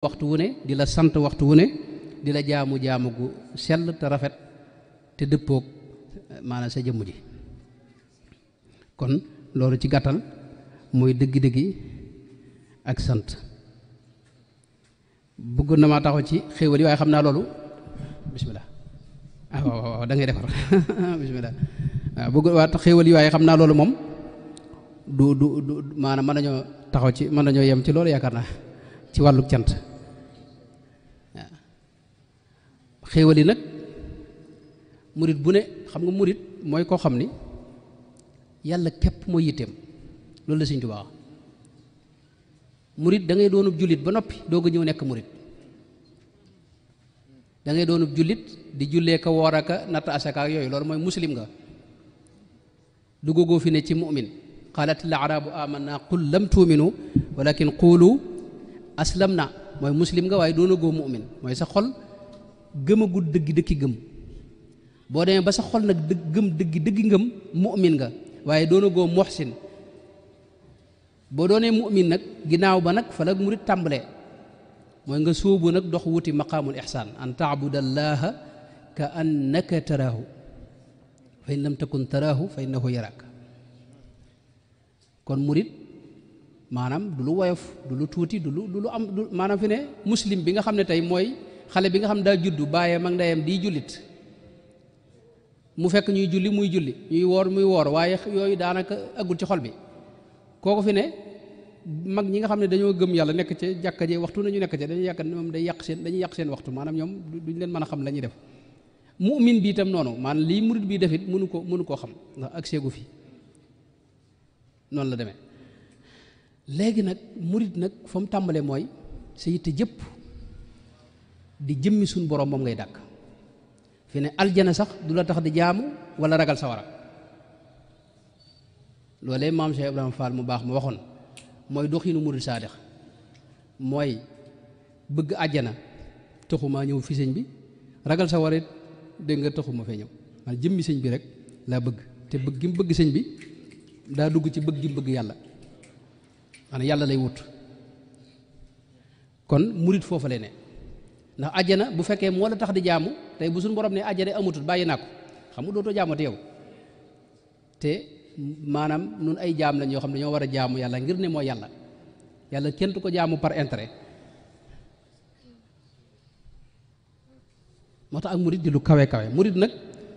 waxtu wu ne di la sant waxtu wu ne di la jaamu jaamu gu sell te rafet te dëppoog maanaam sa jëmm ji kon loolu ci gàttal mooy dëggi-dëggi ak sant bëggoon na maa taxaw ci xéewal yi waaye xam naa loolu bisimilah ah da ngay defar bisimilah waaw ah, bëgg waa xéewal yi waaye xam naa loolu moom du du du maanaam mën nañoo taxaw ci mën nañoo yem ci loolu yaakaar naa ci wàllu cant xéewal nag murit bu ne xam nga murit mooy koo xam ni yàlla képp mooy yitteem loolu la Sëñ murit da ngay doonub jullit ba noppi doog a ñëw nekk murit dangay ngay doonub jullit di jullee ka woor aka natt asaka yooyu loolu mooy muslim nga duggagoo fi ne ci mu'min qaalat il arabu amanna qul lam tuuminu walakin qulu aslam na mooy muslim nga waaye doonagoo mu'min mooy sa xol gëmagul dëgg dëkki gëm boo demee ba sa xol nag dëgg dëgg dëggi ngëm mu'min nga waaye doona goo muhsin boo doonee mu'min nag ginnaaw ba nag fa la murit tàmbalee mooy nga sóobu nag dox wuti maqaamul ihsaan an taabudallaha ka annaka taraahu fa in lam takun taraahu fa innahu yaraak kon murit maanaam du lu woyof du lu tuuti du lu lu am maanaam fi ne muslim bi nga xam ne tey mooy xale bi nga xam ne daa juddu baayam mag ndeyam di jullit mu fekk ñuy julli muy julli ñuy woor muy woor waaye yooyu daanaka aggul ci xol bi kooku fi ne mag ñi nga xam ne dañoo gëm yàlla nekk ci jàkka ji waxtu nañu nekk ci dañuy yàq ne moom day yàq seen dañuy yàq seen waxtu maanaam ñoom duñ leen mën a xam la ñuy def mu'min bi itam noonu maanaam lii murid bii defit mënu ko mënu koo xam nga ak seegu fi noonu la demee léegi nag murit nag fa mu tàmbalee mooy sa yitte jëpp di jëmmi suñ borom moom ngay dàkk fi ne aljana sax du la tax di jaamu wala ragal sawara loolee maam Cheikh Ibrahima Fall mu baax mu waxoon mooy doxinu saa dex mooy bëgg àjjana taxumaa ñëw fi sëñ bi ragal sawara it dégg nga taxuma fee ñëw man jëmmi sëñ bi rek laa bëgg te bëgg gim bëgg sëñ bi daa dugg ci bëgg gi bëgg yàlla maanaam yàlla lay wut kon murid foofa lay ne ndax àjjana bu fekkee moo la tax di jaamu tey bu suñu borom ne àjjana amatul bàyyi naa ko xam nga dootoo jaamati yow te maanaam nun ay jaam lañ yoo xam ne ñoo war a jaamu yàlla ngir ne mooy yàlla yàlla kenn du ko jaamu par intérêt moo tax ak murid di lu kawe kawe murid nag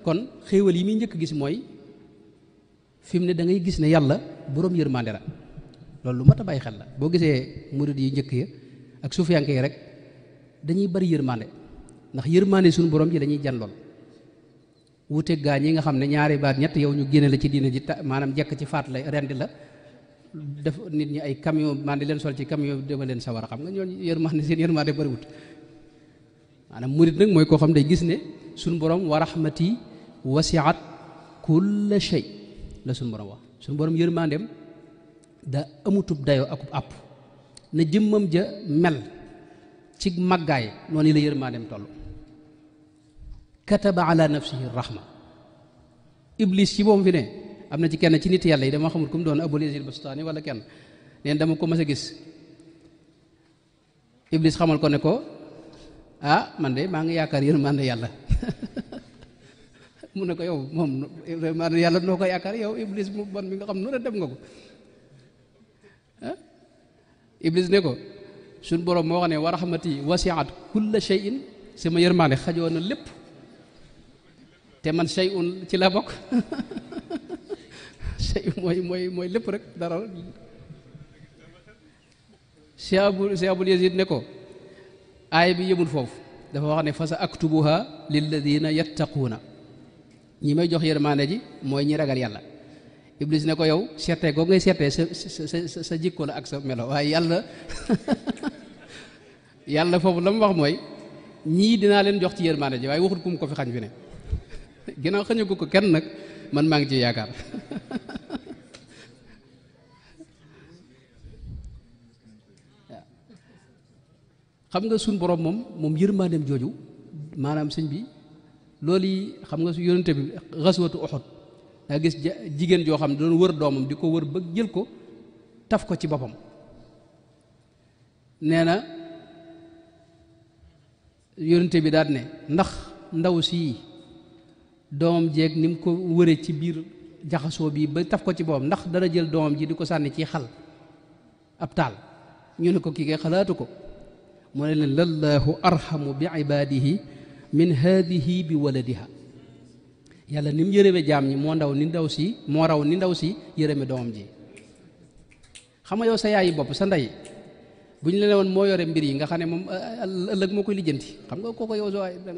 kon xéewal yi muy njëkk gis mooy fi mu ne da ngay gis ne yàlla borom yërmande la loolu lu mat a bàyyi xel la boo gisee murid yi njëkk ya ak suufiyanke yi rek dañuy bari yërmande ndax yërmande suñu borom ji dañuy jan lool wuute gaa ñi nga xam ne ñaari baat ñett yow ñu génne la ci diina ji ta maanaam jekk ci faat la rendi la def nit ñi ay camion man di leen sol ci camion dema leen sawar xam nga ñooñu yërmande seen yërmande bariwut maanaam murit nag mooy koo xam day gis ne suñu borom wa rahmati wasiat kulla shay la suñu borom wax suñu borom yërmandeem da amutub dayoo akub àpp na jëmmam ja mel ci màggaay noonu la yërmaandeem toll kataba ala nafsihi rahma iblis ci moom fi ne am na ci kenn ci nit yàlla yi dama xamul ku mu doon abul yasil bastaani wala kenn neen dama ko mas a gis iblis xamal ko ne ko ah man de maa ngi yaakaar yërmaande yàlla mun ne ko yow moom yërmaande yàlla noo ko yaakaar yow iblis mu bon mi nga xam nu la dem nga ko ah ne ko suñ borom moo wax ne wa rahmati wasiat kulla sa sama yërmaande xajoo na lépp te man shay'un ci la bokk shay mooy mooy lépp rek dara Cheikh Abou Cheikh Abou Yazid ne ko aay bi yëmul foofu dafa wax ne fa sa li lilladina yattaquuna ñi may jox yërmaande ji mooy ñi ragal yàlla iblis ne ko yow seetee googu ngay seetee sa sa sa jikko la ak sa melo waaye yàlla yàlla foofu la mu wax mooy ñii dinaa leen jox ci yërmaande ji waaye waxul kum ko fi xañ fi ne ginnaaw xañagu ko kenn nag man maa ngi ci yaakaar xam nga suñ boroom moom moom yërmaandeem jooju maanaam sëñ bi loolu yi xam nga su yónente bi xaswatu Uhud daa gis jigéen joo xam ne doon wër doomam di ko wër ba jël ko taf ko ci boppam nee na yonente bi daat ne ndax ndaw sii doom jeeg ni mu ko wëree ci biir jaxasoo bii ba taf ko ci boppam ndax dara jël doom ji di ko sànni ci xal ab taal ñu ne ko kii kay xalaatu ko mu ne leen lallaahu arxamu bi ibaadihi min haadihi bi waladiha yàlla ni mu yërëme jaam ñi moo ndaw ni ndaw si moo raw ni ndaw si yërëme doomam ji xam nga yow sa yaayi bopp sa ndey bu ñu la woon moo yore mbir yi nga xam ne moom euh, ëllëg moo koy lijjanti xam nga kooko yow soo da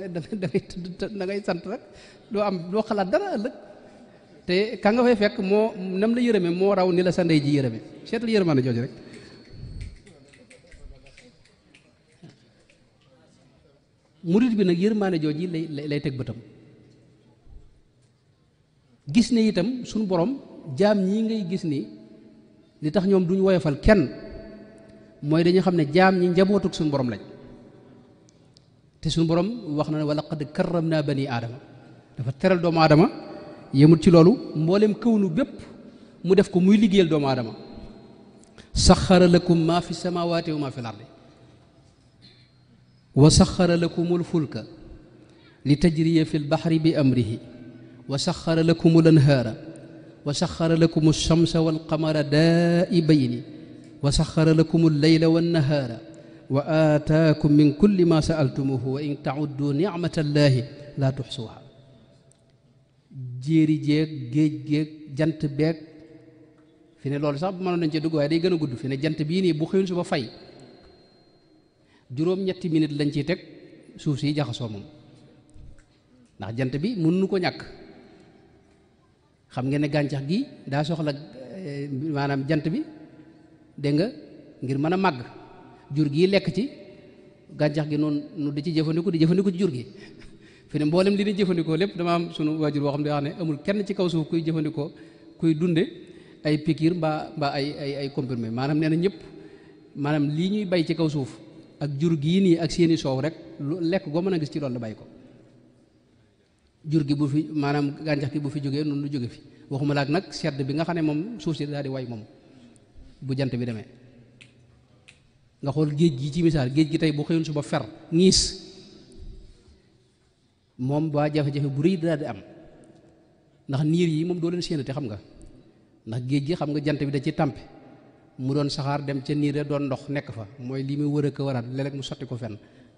ngay da sant rek loo am loo xalaat dara ëllëg te ka nga fay fekk moo nam la yërëme moo raw ni la sa ndey ji yërëme seetal yërëmaane jooju rek murit bi nag yërmaane jooju lay lay teg bëtam gis ne itam suñu borom jaam ñii ngay gis ni li tax ñoom duñ woyofal kenn mooy dañu xam ne jaam ñi njabootu suñu borom lañ te suñu borom wax na ne wala qad karram naa bani aadama dafa teral doomu aadama yemul ci loolu mboolem këwnu bépp mu def ko muy liggéeyal doomu aadama saxara lakum maa fi samawaati wa maa fi lardi wa saxara lakum alfulka li tajriya fi lbaxri bi amrihi wa saxara lakum al anhaara wa saxara lakum alchamsa walqamara daa'ibayni وسخر لكم الليل والنهار وآتاكم من كل ما سألتموه وإن تعدوا نعمة الله لا تحصوها beeg fi ne loolu sax mënoon nañ ci dugg waaye day gën a gudd fi ne jant bii nii bu xëyul suba fay juróom-ñetti minute lañ ciy teg suuf si jaxasoo moom ndax jant bi mën ko ñàkk xam ngeen ne gàncax gi daa soxla maanaam jant bi dégg nga ngir mën a màgg jur gii lekk ci gàncax gi noonu nu di ci jëfandikoo di jëfandiku ci jur gi fi ne mboolem li ñuy jëfandikoo lépp dama am sunu waajur boo xam ne wax ne amul kenn ci kaw suuf kuy jëfandikoo kuy dunde ay pikiir mbaa mbaa ay ay ay comprimé maanaam nee na ñëpp maanaam lii ñuy bay ci kaw suuf ak jur gii nii ak seeni soow rek lu lekk goo mën a gis ci loolu la bay ko jur gi bu fi maanaam gàncax gi bu fi jógee noonu lu jóge fi waxuma laak nag sedd bi nga xam ne moom suuf si way moom bu jant bi demee nga xool géej gi ci misaal géej gi tey bu xëyoon suba fer ngiis moom baa jafe-jafe bu rëy daal di am ndax niir yi moom doo leen séenate xam nga ndax géej gi xam nga jant bi da ci tàmpe mu doon saxaar dem ca niir doon ndox nekk fa mooy li muy wër a ko waraat léeg mu sotti ko fen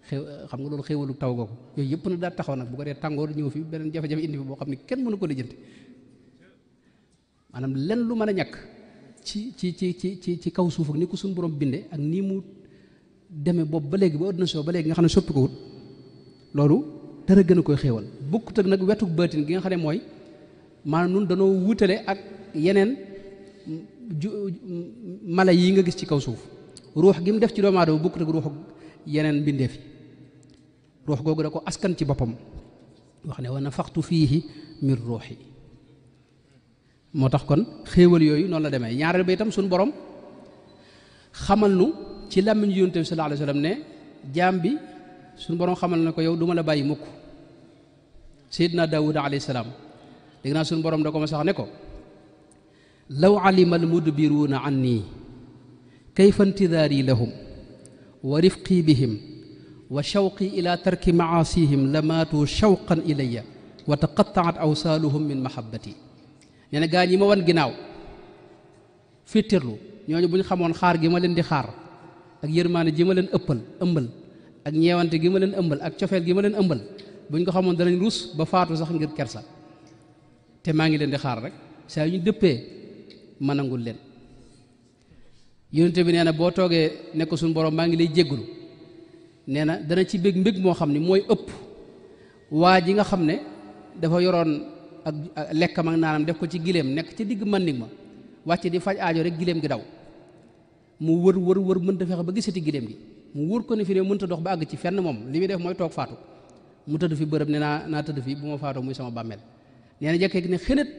xew xam nga loolu xéewalu taw googu yooyu yëpp na daal taxaw nag bu ko dee tàngoor ñëw fi beneen jafe-jafe indi fi boo xam ne kenn mënu ko lijjanti maanaam lenn lu mën a ñàkk ci ci ci ci ci kaw suuf ak ni ko suñu borom binde ak nii mu demee boobu ba léegi ba ordination ba léegi nga xam ne soppi ko wut loolu dara gën a koy xéewal bukkut ak nag wetuk bëtin gi nga xam ne mooy maanaam nun danoo wutale ak yeneen ju mala yi nga gis ci kaw suuf ruux gi mu def ci doomu aadama bukkut ak ruux yeneen mbindeef yi ruux googu da ko askan ci boppam wax ne wa nafaxtu fiihi min ruuxi moo tax kon xéewal yooyu noonu la demee ñaareel ba itam suñu borom xamal nu ci làmmiñ yonent bi sallallahu alayhi bi suñu borom xamal na ko yow du ma la bàyyi mukk Seydina Daawuda alayhi salaam dégg naa suñu borom da ko ma sax ne ko law alima almudbiruuna anni kayfa intidaari lahum wa rifqi bihim wa shawqi ila tarki maasihim lamaatu shawqan ilaya wa taqattaat awsaaluhum min mahabbati nee na gaa ñi ma wan ginnaaw féetéerlu ñooñu bu ñu xamoon xaar gi ma leen di xaar ak yërmaane ji ma leen ëppal ëmbal ak ñeewante gi ma leen ëmbal ak cofeel gi ma leen ëmbal bu ñu ko xamoon danañ rus ba faatu sax ngir kersa te maa ngi leen di xaar rek saa yu ñu dëppee ma nangul leen yonente bi nee na boo toogee nekk suñu boroom maa ngi lay jéggulu nee na dana ci bég mbég moo xam ne mooy ëpp waa ji nga xam ne dafa yoroon ak lekkam ak naanam def ko ci gileem nekk ca diggu màndig ma wàcc di faj aajo rek gileem gi daw mu wër wër wër mënta fexe ba gisati gileem gi mu wër ko ne fi ne mënta dox ba àgg ci fenn moom li muy def mooy toog faatu mu tëdd fi bërëb ne naa naa tëdd fi bu ma faatoo muy sama bàmmeel nee na jekkee ne xënat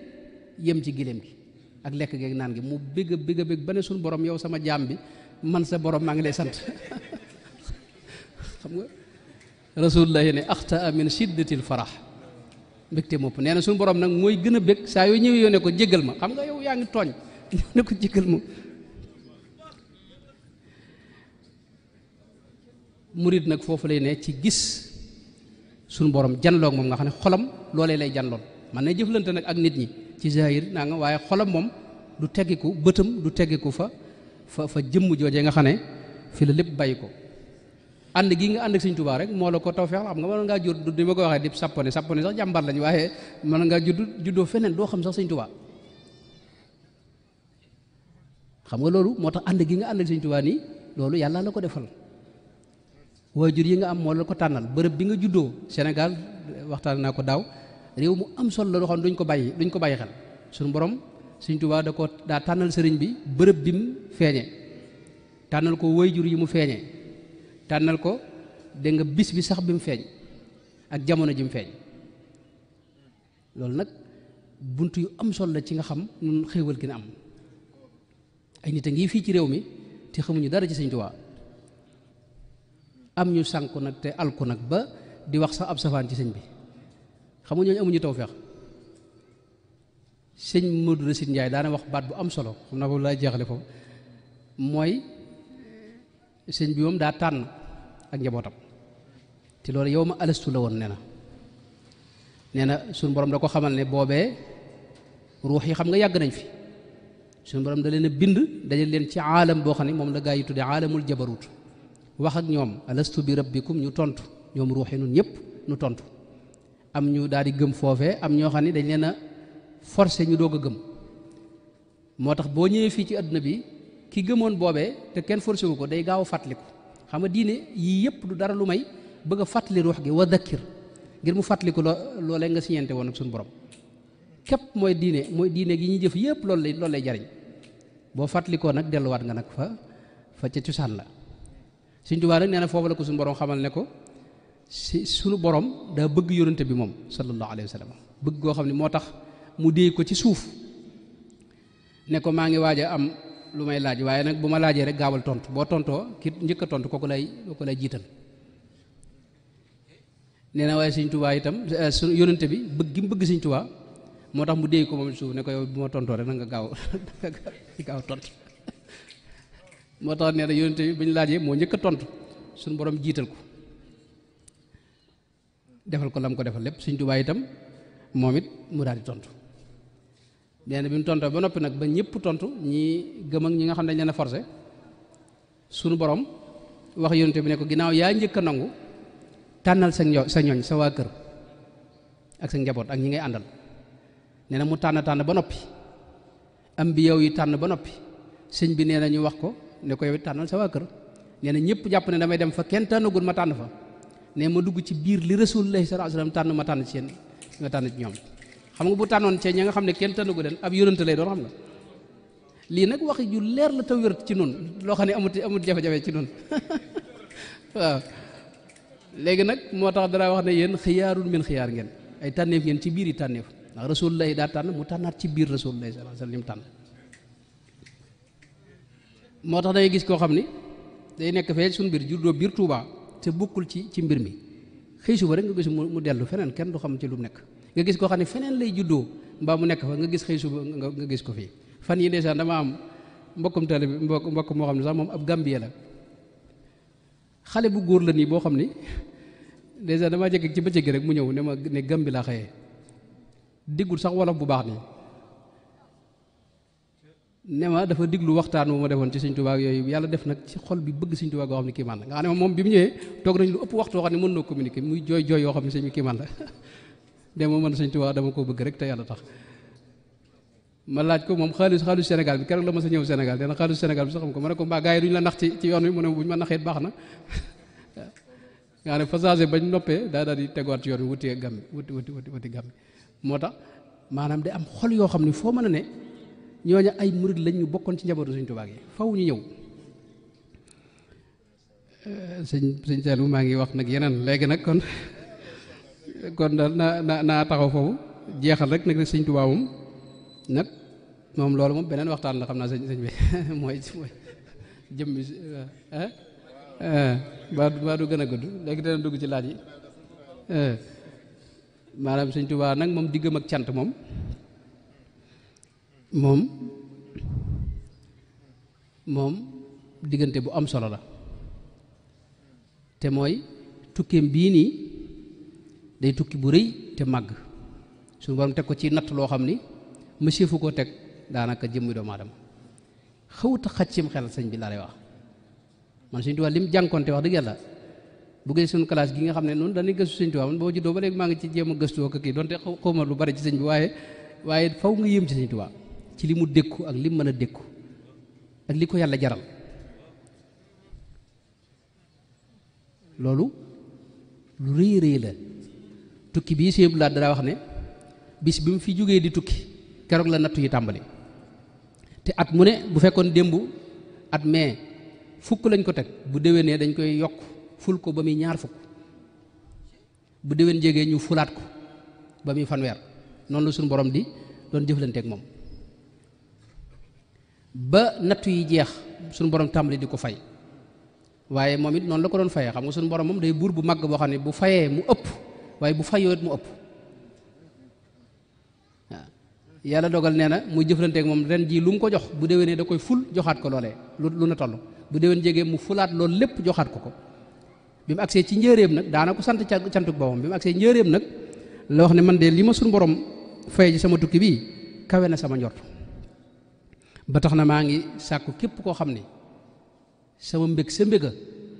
yem ci gileem gi ak lekk geeg naan gi mu bëgg a bëgg a bëgg ba ne suñu borom yow sama jaam bi man sa borom maa ngi lay sant xam nga rasulullah ne axtaa min shiddatil farax mbégte mopp nee na suñu borom nag mooy gën a bég saa yoo ñëwee yoo ko jéggal ma xam nga yow yaa ngi tooñ ñëw ko jéggal ma murit nag foofu lay ne ci gis suñu boroom janloog moom nga xam ne xolam loolee lay janloon man na jëflante nag ak nit ñi ci zahir naa nga waaye xolam moom du teggiku bëtam du teggiku fa fa fa jëmm joojee nga xam ne fi la lépp bàyyi ko ànd gi nga ànd ak sëñ Tuubaa rek moo la ko tawfeex xam nga mën ngaa judd di ma ko waxee di sappone sappone sax jàmbar lañ waaye mën ngaa judd juddoo feneen doo xam sax sëñ Tuubaa nga loolu moo tax ànd gi nga ànd ak sëñ Tuubaa nii loolu yàlla la ko defal waajur yi nga am moo la ko tànnal bërëb bi nga juddoo Sénégal waxtaan naa ko daaw réew mu am solo la loo xam duñ ko bàyyi duñ ko bàyyi xel suñu borom sëñ Tuubaa da ko daa tànnal sëriñ bi bërëb bi mu feeñe tànnal ko waajur yi mu feeñee tànnal ko dégg nga bis bi sax bi mu feeñ ak jamono ji mu feeñ loolu nag bunt yu am solo la ci nga xam nun xéewal gi na am ay nit a ngi fii ci réew mi te xamuñu dara ci Sëñ Tuubaa am ñu sànku nag te alku nag ba di wax sax ab safaan ci sëñ bi xamu ñooñu amuñu tawfeex sëñ Modou Racine Ndiaye daana wax baat bu am solo xam naa ko laa jeexale foofu mooy sëñ bi moom daa tànn ak njabootam te loolu yow ma alastu la woon nee na nee na suñu borom da ko xamal ne boobee ruux yi xam nga yàgg nañ fi suñu borom da leen bind dajal leen ci aalam boo xam ne moom la gaa yi tuddee aalamul jabarut wax ak ñoom alastu bi rabbikum ñu tontu ñoom ruux yi nun ñëpp nu tontu am ñu daal di gëm foofee am ñoo xam ne dañ leen a forcé ñu doog a gëm moo tax boo ñëwee fii ci àdduna bi ki gëmoon boobee te kenn forcé wu ko day gaaw a fàttaliku xam nga diine yii yëpp du dara lu may bëgg a fàttali ruux gi wa dakkir ngir mu fàttali ko loolee nga siñente woon ak suñu borom képp mooy diine mooy diine gi ñuy jëf yëpp loolu lay loolu jariñ boo fàttalikoo nag delluwaat nga nag fa fa ca cosaan la Sëñ Tuubaa nag nee na foofu la ko suñu borom xamal ne ko si sunu boroom daa bëgg yonante bi moom sallallahu alayhi wa sallam bëgg goo mu ko ci suuf ne am lu may laaj waaye nag bu ma laajee rek gaawal tontu boo tontoo ki njëkk a ko ko lay ko lay jiital nee na waaye Sëñ Tuubaa itam eh, suñ yónnante bi bëgg bëgg Sëñ moo tax mu déy ko moom suuf ne ko yow tontoo rek na nga gaaw gaaw tax nee na yónnante bi bu moo njëkk tontu suñu borom jiital ko defal ko lam ko defal lépp Sëñ itam moom it mu daal di tontu. nee bi mu tontoo ba noppi nag ba ñëpp tontu ñi gëm ñi nga xam ne leen a forcé sunu borom wax yonent bi ne ko ginnaaw yaa njëkk a nangu tànnal sa ño sa ñooñ sa waa kër ak sa njaboot ak ñi ngay àndal nee na mu tànn tànn ba noppi am bi yow yi tànn ba noppi sëñ bi nee na ñu wax ko ne ko yow it tànnal sa waa kër nee na ñëpp jàpp ne damay dem fa kenn tànnagul ma tànn fa ne ma dugg ci biir li rasulullahi lay sa wasallam tànn ma tànn ci yéen nga tànn ci ñoom xam nga bu tànnoon cee ñi nga xam ne kenn tànnagu den ab yonante lay doon xam nga lii nag wax ju leer la te ci noonu loo xam ne amut amut jafe-jafe ci noonu waaw léegi nag moo tax dara wax ne yéen xiyaarul min xiyaar ngeen ay tànneef ngeen ci biir yi tànneef ndax lay daa tànn mu tànnaat ci biir rasulullahi sallallahu alayhi wasallam tànn moo tax dangay gis koo xam ni day nekk fee suñu biir juddoo biir Tuubaa te bokkul ci ci mbir mi xëy suba rek nga gis mu dellu feneen kenn du xam ci lu mu nekk nga gis ko xam ne feneen lay juddoo mbaa mu nekk fa nga gis xëy suba nga gis ko fii fan yi ndeysaan dama am mbokkum tale bi mbokk mbokk moo xam ne sax moom ab Gambie la xale bu góor la nii boo xam ni dèjà damaa jekk ci bëccëg rek mu ñëw ne ma ne Gambie laa xëyee diggul sax wolof bu baax nii ne ma dafa diglu waxtaan wu ma defoon ci Sëñ Tuubaa yooyu yàlla def nag bi bëgg Sëñ Tuubaa goo xam ne kii man ne moom bi mu ñëwee toog nañu lu ëpp waxtu xam ne mën noo communiquer muy jooy jooy yoo xam ne sëñ bi kii man la dama mën sëñ Tuubaa dama ko bëgg rek te yàlla tax ma laaj ko moom xaalis xaalis Sénégal bi keroog la ma sa ñëw Sénégal dana xaalis Sénégal bi sax xam ko ma ne ko mbaa gars duñ la nax ci ci yoon wi mu ne buñ ma naxeet baax na nga ne bañ noppee daa daal di teguwaat ci yoon wi wuti gàmmi wuti wuti wuti wuti moo tax maanaam day am xol yoo xam ne foo mën a ne ñooñu ay murid lañ ñu bokkoon ci njabootu sëñ Tuubaa gi faw ñu ñëw euh, sëñ sëñ Saliou maa ngi wax nag yeneen léegi nag kon kon daal naa naa naa taxaw foofu jeexal rek nag sëñ Tuubaa nag moom loolu moom beneen waxtaan la xam naa sëñ sëñ bi mooy mooy jëm eh, eh, gën a gudd léegi dana dugg ci laaj yi eh, maanaam sëñ nag moom diggam ak cant moom moom moom diggante bu am solo la te mooy tukkeem bii nii day tukki bu rëy te màgg suñu borom teg ko ci natt loo xam ni monsieur fu ko teg daanaka jëmmi doomu xaw xawuta xaj sim xel sëñ bi laa lay wax man suñu tubaab li mu jànkonte wax dëgg yàlla bu gee suñu classe gi nga xam ne noonu dañuy gëstu sëñ tubaab man boo juddoo ba maa ngi ci jéem a gëstu ak kii donte xaw ma lu bari ci sëñ bi waaye waaye faw nga yëm ci sëñ tubaab ci li mu dékku ak li mu mën a dékku ak li ko yàlla jaral loolu lu rëy rëy tukki bii sëñ Abdou Lahad dara wax ne bis bi mu fi jógee di tukki keroog la nattu yi tàmbali te at mu ne bu fekkoon démb at mai fukk lañ ko teg bu déwénee dañ koy yokk ful ko ba muy ñaar fukk bu déwén jegee ñu fulaat ko ba muy fanweer noonu la suñu borom di doon jëflanteeg moom ba nattu yi jeex suñu borom tàmbali di ko fay waaye moom it noonu la ko doon fayee xam nga suñu borom moom day buur bu màgg boo xam ne bu fayee mu ëpp waaye bu fayoo it mu ëpp waaw yàlla dogal nee na muy jëfalanteek moom ren jii lu mu ko jox bu dewenee da koy ful joxaat ko loolee lu lu na toll bu déwén jegee mu fulaat lool lépp joxaat ko ko bi mu agsee ci njëréem nag daana ko sant cantuk boppam bi mu agsee njëréem nag la wax ne man de li ma sun borom faye ji sama tukki bii kawe na sama njort ba tax na maa ngi sàkku képp koo xam ne sama mbég sa mbéga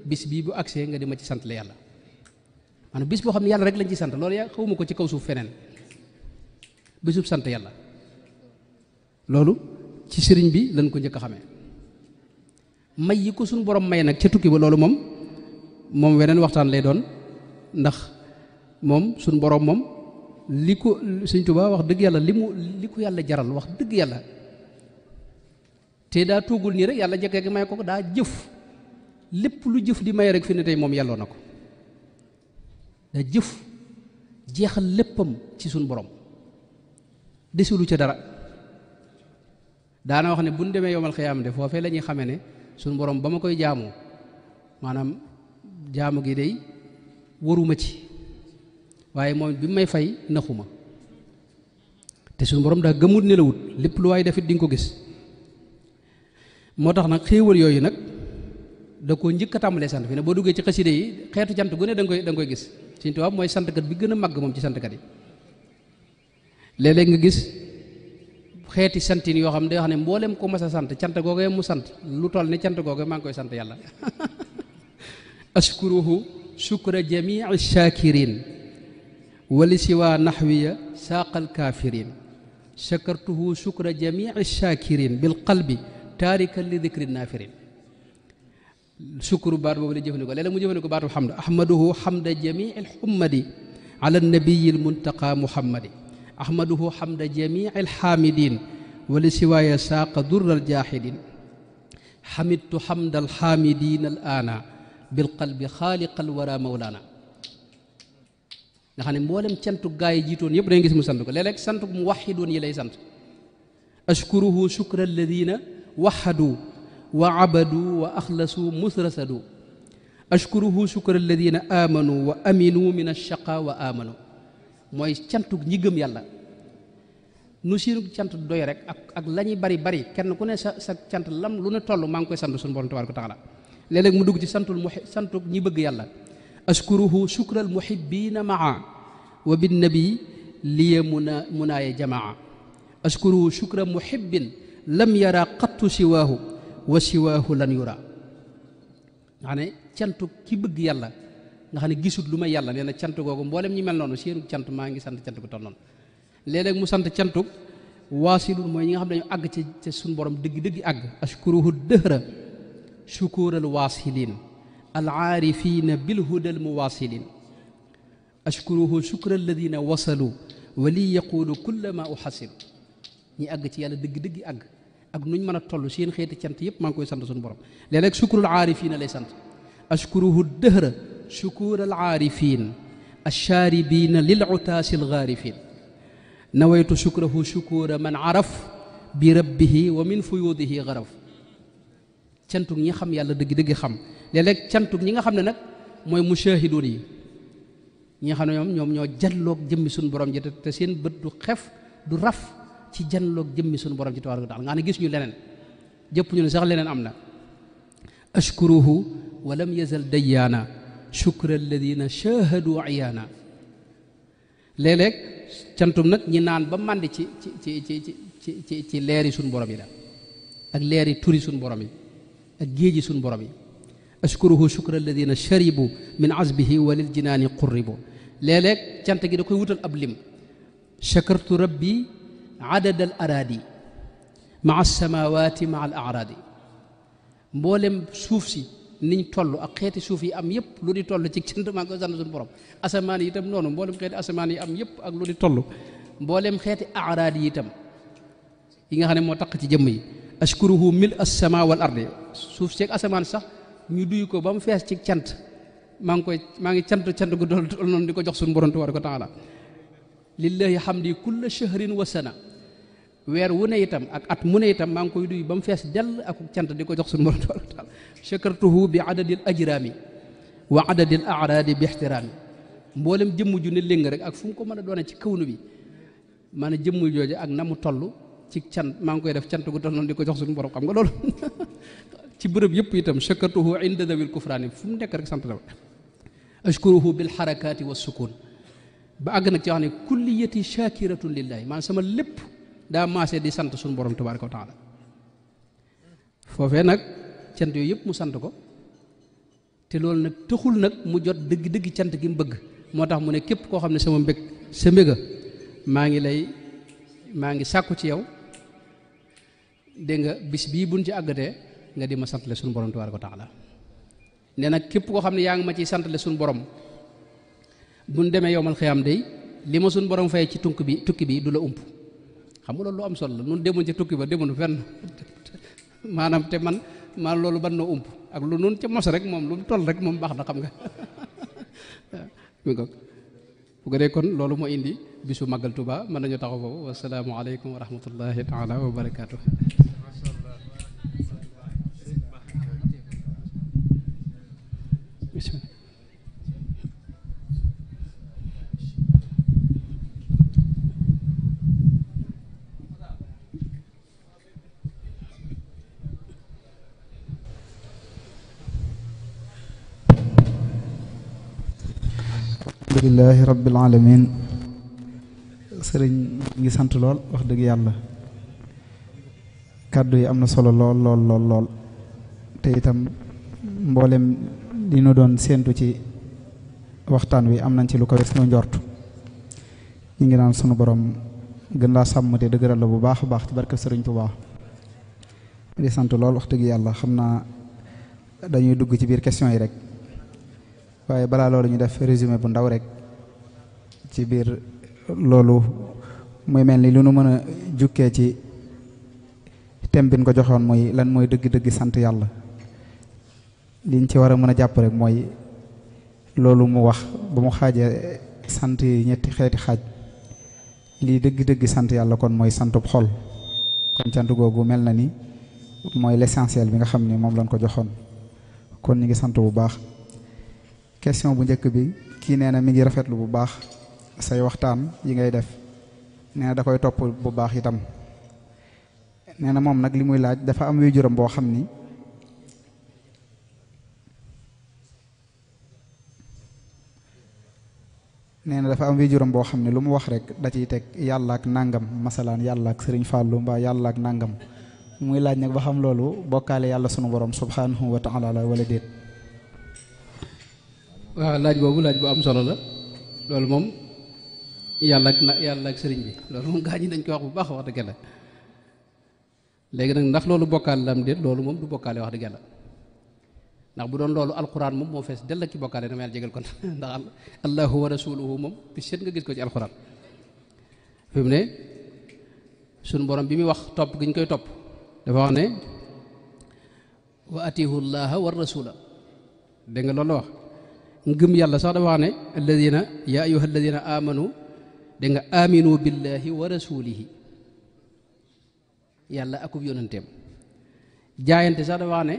bis bii bu agsee nga di ma ci sant la yàlla maanaam bis boo xam ne yàlla rek lañ ci sant loolu yaa xawma ko ci kaw suuf feneen bisub sant yàlla loolu ci sëriñ bi lañ ko njëkk a xame may yi ko suñu borom may nag ca tukki ba loolu moom moom weneen waxtaan lay doon ndax moom suñu borom moom li ko Sëriñ Tuubaa wax dëgg yàlla li mu li ko yàlla jaral wax dëgg yàlla te daa toogul nii rek yàlla jekk may ko daa jëf lépp lu jëf di may rek fi ne tey moom yàlloo na ko da jëf jeexal léppam ci suñ borom desulu ca dara daana wax ne bu ñu demee yomal xiyaam de foofee la ñuy ne suñ borom ba ma koy jaamoo maanaam jaamu gi day waruma ci waaye moom bi may fay naxuma te suñu borom daa gëmut ne la lépp lu waay def it di nga ko gis moo tax nag xéewal yooyu nag da koo njëkk a tàmbalee sant fi ne boo duggee ci xaside yi xeetu jant gu ne da nga koy da koy gis Sëñ Tuubaa mooy santkat bi gën a màgg moom ci santkat yi léeg-léeg nga gis xeeti santin yoo xam ne day wax ne mboolem ko mas sant cant googee mu sant lu toll ne cant googee maa ngi koy sant yàlla ashkuruhu shukra jamii shakirin wali siwa naxwiya saaqal kaafirin shakartuhu shukra jamii shakirin bil qalbi taarika li naafirin sukuru baat boobu la jëfandikoo léeg-léeg mu jëfandikoo baatu xamd ahmaduhu xamda jamii al xummadi ala nabiyi al ahmaduhu xamda jamii al xaamidin siwaaya saaqa durra al xamidtu xamda al xaamidin bil qalbi xaaliqa al mawlaana nga xam ne mboolem cantu gaa yi jiitoon yëpp dañu gis mu sant ko léeg-léeg mu waxidoon yi lay sant ashkuruhu shukra alladina waxadu wa abadu wa axlasu musrasadu ashkuruhu shukra alladina amanu wa aminu min alchaqa wa amanu mooy cantu ñi gëm yàlla nu siinu cant doy rek ak ak la bari bari kenn ku ne sa sa cant lam lu ne toll maa ngi koy sant suñu borom tabaraka taala léeg-léeg mu dugg ci santul mu santu ñi bëgg yàlla ashkuruhu shukra al muhibbina maa wa binnabi liya muna munaaye jamaa ashkuruhu shukra muhibbin lam yara qattu siwaahu wa siwaahu lan yura nga xam ne cantu ki bëgg yàlla nga xam ne gisut lu ma yàlla nee na cant googu mboolem ñi mel noonu seenu cant maa ngi sant cant gu toll noonu léeg mu sant cantu waasilul mooy ñi nga xam ne dañu àgg ci ca suñu borom dëgg-dëgg àgg ashkuruhu dëhra shukural waasilin al aarifina bil hudal muwaasilin ashkuruhu shukra alladina wasalu wa li yaqulu kulla ma uxasilu ñi àgg ci yàlla dëgg-dëgg àgg ak ñu mën a toll seen xeeti cant yëpp maa ngi koy sant suñu borom léeg-léeg sukurul aarifiina lay sant ashkuruhu dëhra sukural aarifiin ashaaribiina lil utaasi al gaarifiin nawaytu sukurahu sukura man araf bi rabbihi wa min fuyuudihi garaf cantug ñi xam yàlla dëgg dëgg xam léeg-léeg ñi nga xam ne nag mooy mushaahidoon yi ñi nga xam ne ñoom ñoom ñoo jàlloog jëmmi suñu borom ji te seen bët du xef du raf ci janloog jëmmi sunu borom ci tabaaraka taala nga xam ne gis ñu leneen jëpp ñu ne sax leneen am na ashkuruhu walam lam yazal dayyaana shukra alladina shahadu ayaana léeg cantum nag ñi naan ba màndi ci ci ci ci ci ci ci leeri suñu borom yi la ak leeri turi suñu borom yi ak géeji suñu borom yi ashkuruhu shukra alladina sharibu min azbihi wa lil jinaani qurribu léeg-léeg cant gi da koy wutal ab lim shakartu rabbi adad al araadi maa samaawaati ma al mboolem suuf si niñ toll ak xeeti suuf yi am yëpp lu di toll ci cant maa ngi koy sant suñu borom asamaan yi itam noonu mboolem xeeti asamaan yi am yëpp ak lu di tollu mboolem xeeti araad yi itam yi nga xam ne moo taq ci jëmm yi ashkuruhu mil assamaa wal ardi suuf seeg asamaan sax ñu duy ko ba mu fees ci cant maa ngi koy maa ngi cant cant ko dool noonu di ko jox suñu borom tabaaraka ko taala lillahi hamdi kulla shahrin wa weer wu ne itam ak at mu ne itam maa ngi koy duy ba mu fees dell ak cant di ko jox suñu borom tabaaraka wa taala chakartuhu bi adadil ajraami wa adadil araadi bi ixtiraami mboolem jëmm ju ne léng rek ak fu mu ko mën a doone ci kawnu bi maanaam jëmm jooju ak na mu toll ci cant maa ngi koy def cant ku toll noonu di ko jox suñu borom xam nga loolu ci bërëb yëpp itam chakartuhu inda dawil fu mu nekk rek sant la ashkuruhu bil xarakaati wa sukuun ba àgg nag ci wax ne kulliyati shakiratun lillahi maanaam sama lépp daa maase di sant suñu borom tabaaraka wa taala foofee nag cant yooyu yëpp mu sant ko te loolu nag tëxul nag mu jot dëgg dëgg cant gi mu bëgg moo tax mu ne képp koo xam ne sama mbég sa mbéga maa ngi lay maa ngi sàkku ci yow dégg bis bii buñ ci àggatee nga di ma santale suñu borom ko wa la nee nag képp koo xam ne yaa ngi ma ciy santale suñu borom buñ demee yowmal xiyaam day li ma suñu borom fay ci tunk bi tukki bi du la ump xam nga loolu lu am solo la nun demoon ca tukki ba demoon fenn maanaam te man maa loolu ban noo ump ak lu nun ca mos rek moom lu mu toll rek moom baax na xam nga mi ko bu ko dee kon loolu moo indi bisu màggal Tuuba mën nañu taxaw foofu wasalaamu aleykum wa rahmatullahi taala wa barakaatu alhamdulilahi rabbil alamin sëriñ ngi sant lool wax dëgg yàlla kàddu yi am na solo lool lool lool te itam mboolem li nu doon séentu ci waxtaan wi am nañ ci lu ko wees nu njort ñu ngi naan sunu borom gën laa sàmm te dëgëral la bu baax a baax ci barke sëriñ Tuubaa di sant lool wax dëgg yàlla xam naa dañuy dugg ci biir question yi rek waaye balaa loolu ñu def résumé bu ndaw rek ci biir loolu muy mel ni lu nu mën a jukkee ci thème bi ko joxoon mooy lan mooy dëgg-dëgg sant yàlla liñ ci war a mën a jàpp rek mooy loolu mu wax ba mu xaajee sant yi ñetti xeeti xaaj lii dëgg-dëgg sant yàlla kon mooy santub xol kon cant googu mel na ni mooy l'essentiel bi nga xam ni moom lañ ko joxoon kon ñu ngi sant bu baax question bu njëkk bi kii nee na mi ngi rafetlu bu baax say waxtaan yi ngay def nee dafay da topp bu baax itam nee na moom nag li muy laaj dafa am waajuram boo xam ni nee na dafa am waajuram boo xam ne lu mu wax rek da ciy teg yàlla ak nangam masalaan yàlla ak sëriñ Fallou mbaa yàlla ak nangam muy laaj nag ba xam loolu bokkaale yàlla sunu borom subhanahu wa taala wala déet. waaw laaj boobu laaj bu am solo la loolu moom yàlla ak na yàlla ak sëriñ bi loolu moom gaa ñi dañ koy wax bu baax wax dëgg la léegi nag ndax loolu bokkaale la am déet loolu moom du bokkaale wax dëgg la ndax bu doon loolu alquran moom moo fees dell ak ci bokkaale dama yàlla jégal kon ndax allahu wa rasuluhu moom bi seet gis ko ci alquran borom bi muy wax topp gi koy topp dafa wax ne wa atihu llaha wa nga loolu la wax ngëm yàlla sax dafa wax ne alladina yaa ayuha alladina amanu da nga aminu billahi wa rasulihi yàlla akub yonanteem jaayante sax dafa wax ne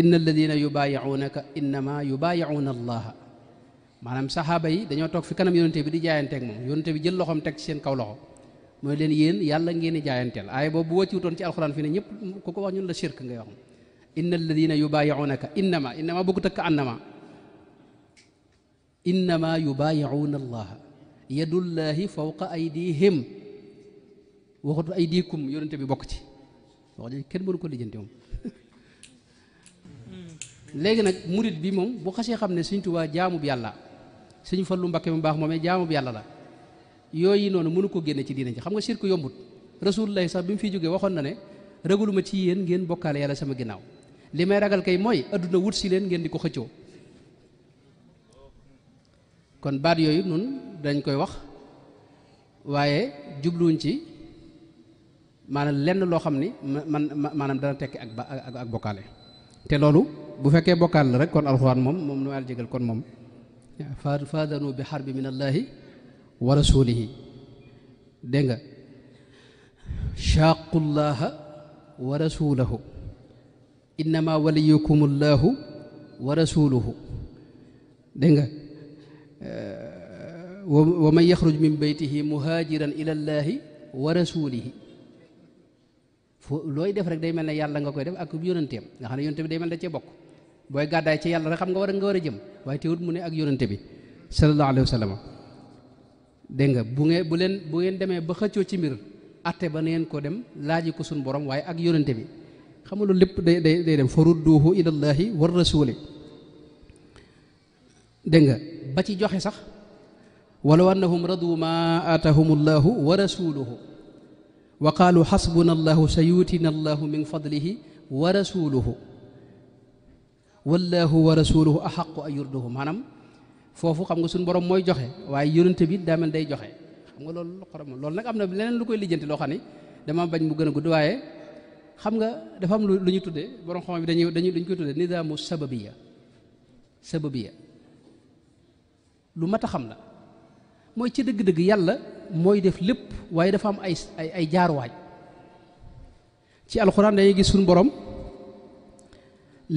inna alladina yubaayicuunaka innama yubaayicuuna allaha maanaam saxaaba yi dañoo toog fi kanam yonante bi di jaayanteeg moom yonante bi jël loxoom teg ci seen kaw loxo mooy leen yéen yàlla ngeen di jaayanteel aaya boobu bu wàcciwutoon ci alxuraan fi ne ñëpp ko wax ñun la shirk ngay wax inna alladina yubaayicuunaka innama innama tëkk annama innama yubaayicuuna allaha yadullaahi fawqa aydihim waxut aydikum yonente bi bokk ci wax ji kenn mënu ko lijjanti moom léegi nag murit bi moom bu xasee xam ne Sëñ Tuubaa jaamub yàlla Sëñ Fallu Mbakke mu baax moomee jaamub yàlla la yooyu noonu mënu ko génne ci diina ji xam nga sirku yombut rasulullahi sax bi mu fiy jógee waxoon na ne raguluma ci yéen ngeen bokkaale yàlla sama ginnaaw li may ragal kay mooy adduna wut si leen ngeen di ko xëccoo kon baat yooyu nun dañ koy wax waaye jubluwuñ ci maanam lenn loo xam ni man maanaam dana tekki ak ak bokkaale te loolu bu fekkee bokkaal la rek kon alxuraan moom moom nu al jégal kon moom fa faadanu bi xarbi min allaahi wa rasulihi dégg nga shaaqullaaha wa rasulahu innama waliyukum allaahu wa rasuluhu dégg wa man yaxruj min beytihi muhaajiran ila llaahi wa rasulihi foo looy def rek day mel ne yàlla nga koy def ak yónanteem nga xam ne yónante bi day mel ne da cee bokk booy gàddaay ci yàlla rek xam nga war a nga war a jëm waaye teewut mu ne ak yónante bi sallallahu alayhi wa sallam dégg nga bu ngeen bu leen bu ngeen demee ba xëccoo ci mbir atte ba neen ko dem laaj ko suñu borom waaye ak yónante bi xam loolu lépp day day day dem fa rudduuhu ilallaahi wa rasuli dégg ba ci joxe sax walaw annahum radu ma aatahum allahu wa rasuluhu wa qaalu xasbuna allahu sayuutina allahu min fadlihi wa rasuluhu wallahu wa rasuluhu axaqu an yurduhu maanaam foofu xam nga suñu borom mooy joxe waaye yónente bi daa mel day joxe xam nga loolu xorom loolu nag am na leneen lu koy lijjanti loo xam ne dama bañ mu gën a gudd waaye xam nga dafa am lu ñu tuddee borom xam bi dañuy dañuy dañu koy tuddee nidaamu sababiya sababiya lu mat a xam la mooy ci dëgg-dëgg yàlla mooy def lépp waaye dafa am ay ay ay jaaruwaay ci alxuraan day gis suñ borom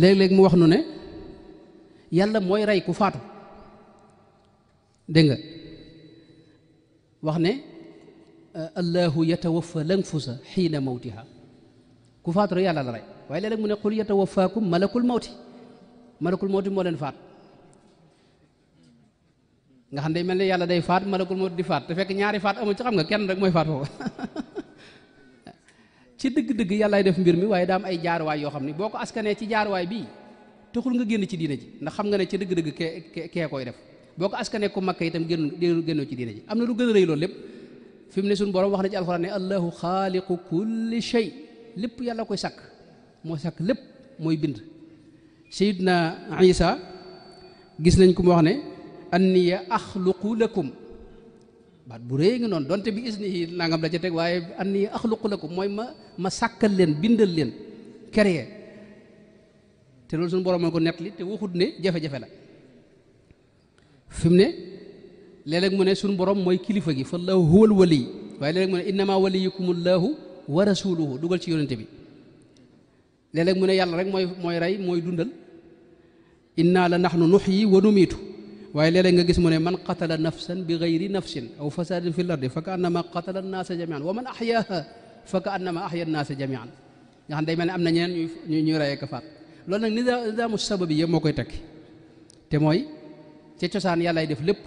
léeg-léeg mu wax nu ne yàlla mooy rey ku faatu dégg nga wax ne allahu yatawaffa lanfusa xiina mawtiha ku faatu rek yàlla la rey waaye léeg-léeg mu ne qul yatawaffakum malakul mawti malakul mawti moo leen faat nga xam day mel ne yàlla day faat malakul moo di faat te fekk ñaari faat amul ci xam nga kenn rek mooy faat foofu ci dëgg-dëgg yàllaay def mbir mi waaye daam ay jaaruwaay yoo xam ne boo ko askanee ci jaaruwaay bii taxul nga génn ci diina ji ndax xam nga ne ci dëgg-dëgg kee kee koy def boo ko askanee ku makka itam génn génnoo ci diina ji am na lu gën a loolu lépp fi mu ne suñu borom wax na ci alxuraan ne allahu xaaliqu kulli shay lépp yàlla koy sàkk moo sàkk lépp mooy bind sayidna isa gis nañ ku ne anniya axluqu lakum baat bu réy ngi noonu donte bi isnihi nangam la ca teg waaye anniya axluqu lakum mooy ma ma sàkkal leen bindal leen créé te loolu suñu borom ko nett li te waxut ne jafe-jafe la fi mu ne léeg mu ne suñu borom mooy kilifa gi fa llahu huwal wali waaye léeg-léeg mu ne innama waliyukumullahu wa rasuluhu dugal ci yonente bi léeg mu ne yàlla rek mooy mooy rey mooy dundal inna la naxnu nuxyi wa numiitu waaye léeg nga gis mu ne man qatala nafsan bi gayri nafsin aw fasadin fi l ardi fa ka annama qatala naasa jamian wa man axyaaha fa ka annama axya naasa jamian nga xam day mel ne am na ñeneen ñu ñuy rayee ka faat loolu nag nidaamu sabab yi moo koy tekki te mooy ca cosaan yàllaay def lépp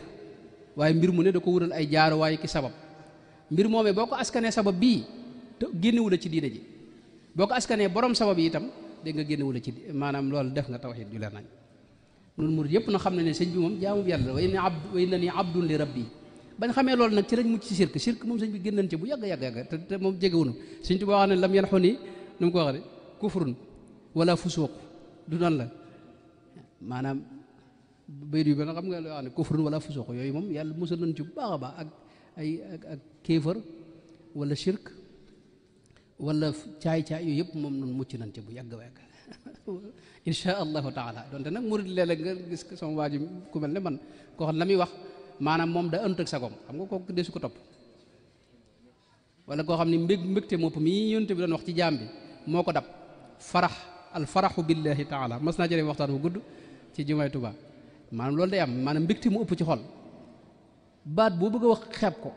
waaye mbir mu ne da ko wutal ay jaaruwaay ki sabab mbir moomee boo ko askanee sabab bii te génnewula ci diine ji boo ko askanee borom sabab yi itam dégg nga génnewula ci maanaam loolu def nga tawxiid ju leer nañ nun murid yëpp na xam na ne sëñ bi moom jaamu yàlla la way na ni abdun rabbi bañ xamee loolu nag ci lañ mucc ci sirk sirk moom sëñ bi génnan ci bu yàgg yàgg yàgg te moom jegewunu sëñ Tuubaa wax ne lam ko waxee kufrun wala fusuuq du noonu la maanaam bay du ba na xam nga loo wax ne kufrun wala fusuuq yooyu moom yàlla musal nañ ci bu a baax ak ay ak kéefër wala sirk wala caay-caay yooyu yëpp moom nun mucc nañ ci bu yàgg yàgg insha allahu taala donte nag murid léeg-léeg nga gis sama waa ji ku mel ne man koo xam na muy wax maanaam moom da ënt ak sagoom xam nga kooku desu ko topp wala koo xam ne mbég mbégte mopp mi yonte bi doon wax ci jaam bi moo ko dab farax al faraxu billahi taala mas naa jëlee waxtaan bu gudd ci jumaay Tuubaa maanaam loolu day am maanaam mbégte mu ëpp ci xol baat boo bëgg a wax xeeb ko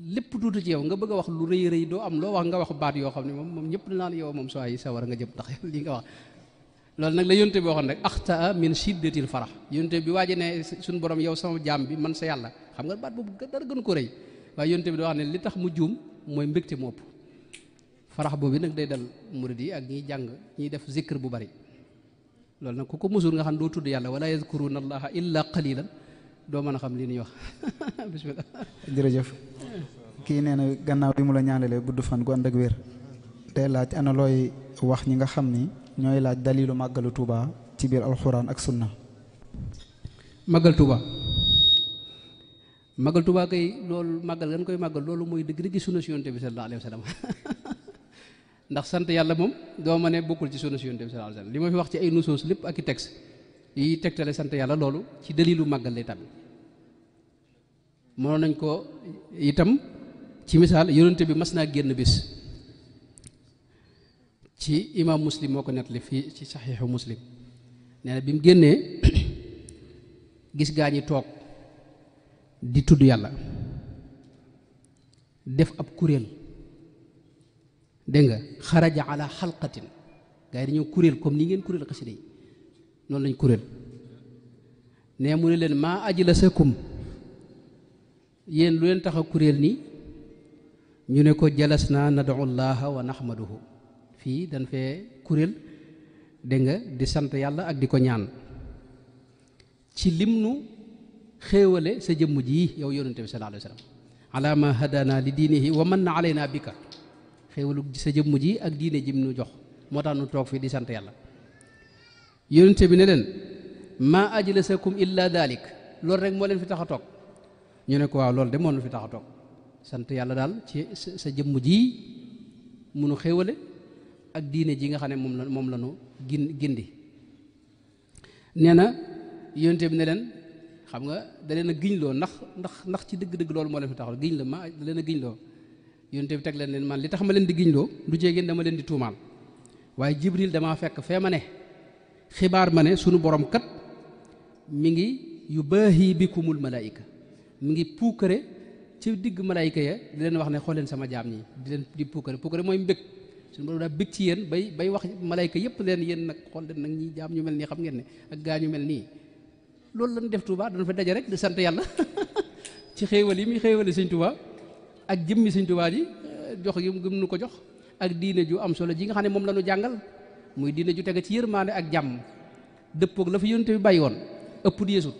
lépp tuuti ci yow nga bëgg a wax lu rëy rëy doo am loo wax nga wax baat yoo xam ne moom moom ñëpp laa yow moom soo ay sawar nga jëm ndax li nga wax loolu nag la yonte bi waxoon rek axtaa min shiddatil bi waaje ne suñu borom yow sama jaam bi man sa yàlla xam nga baat boobu dara gën ko rëy waaye yonte bi da wax ne li tax mu juum mooy mbégte mopp farax boobu nag day dal murid yi ak ñiy jàng ñiy def zikr bu bari loolu nag ku ko musul nga xam doo tudd yàlla wala yazkuruna allaha illa qalilan doo mën a xam lii ñuy wax bismillah jërëjëf kii nee na gannaaw bi mu la ñaanalee gudd fan gu ànd ak wér day laaj ana wax ñi nga xam ni ñooy laaj dalilu màggalu Tuuba ci biir alxuraan ak sunna màggal Tuuba màggal Tuuba kay loolu màggal gan koy màggal loolu mooy dëgg dëgg sunna si yonte bi sallallahu alayhi wa sallam ndax sant yàlla moom doo ma ne bokkul ci sunna si yonte bi sallallahu alayhi wa sallam li ma fi wax ci ay nusoos lépp ak i texte yi tegtale sant yàlla loolu ci dalilu màggal lay tamit mënoon nañ ko itam ci misaal yonente bi mas naa génn bis ci imaam muslim moo ko nettali fii ci saxiixu muslim nee na bi mu génnee gis gaa ñi toog di tudd yàlla def ab kuréel dégg nga xaraja ala xalqatin gaa yi dañoo kuréel comme ni ngeen kuréel xasida yi noonu lañ kuréel ne mu ne leen maa ajlasakum yéen lu leen tax kuréel nii ñu ne ko jalas naa nadau llaha wa nahmaduhu fii dañ fee kuréel dégg nga di sant yàlla ak di ko ñaan ci lim nu xéewale sa jëmm ji yow yonente bi sallallahu alayhi wa sallam bika xéewalu sa jëmm ji ak diine jim nu jox moo tax nu toog fii di sant yàlla yonente bi ne leen sa ajlasakum illa dalik loolu rek moo leen fi tax a toog ñu ne ko waaw loolu de moo nu fi tax a toog sant yàlla daal ci sa jëmm jii munu xéewale ak diine ji nga xam ne moom la moom la gin gindi nee na yonte bi ne leen xam nga da leen a giñ loo ndax ndax ndax ci dëgg-dëgg loolu moo leen fi taxal giñ la ma da leen a giñ loo yonte bi teg leen leen man li tax ma leen di giñ loo du jéegéen dama leen di tuumaal waaye jibril damaa fekk fee ma ne xibaar ma ne sunu borom kat mi ngi yu baahi bikumul malaayika mi ngi puukare ci digg malayka ya di leen wax ne xool sama jaam ñi di leen di puukare puukare mooy mbég suñu borom daa bég ci yéen bay bay wax malayka yëpp leen yéen nag xool leen nag ñi jaam ñu mel nii xam ngeen ne ak gaa ñu mel nii loolu lañ def Touba dañ fa daje rek sant yàlla ci xéewal yi muy xéewale sëñ Touba ak jëmmi sëñ Touba ji eh, jox yi gëm nu ko jox ak diine ju am solo ji nga xam ne moom la ñu jàngal muy diine ju tege ci yërmaande ak jàmm dëppoog la fa yónte bi bàyyi woon ëpp di yeesut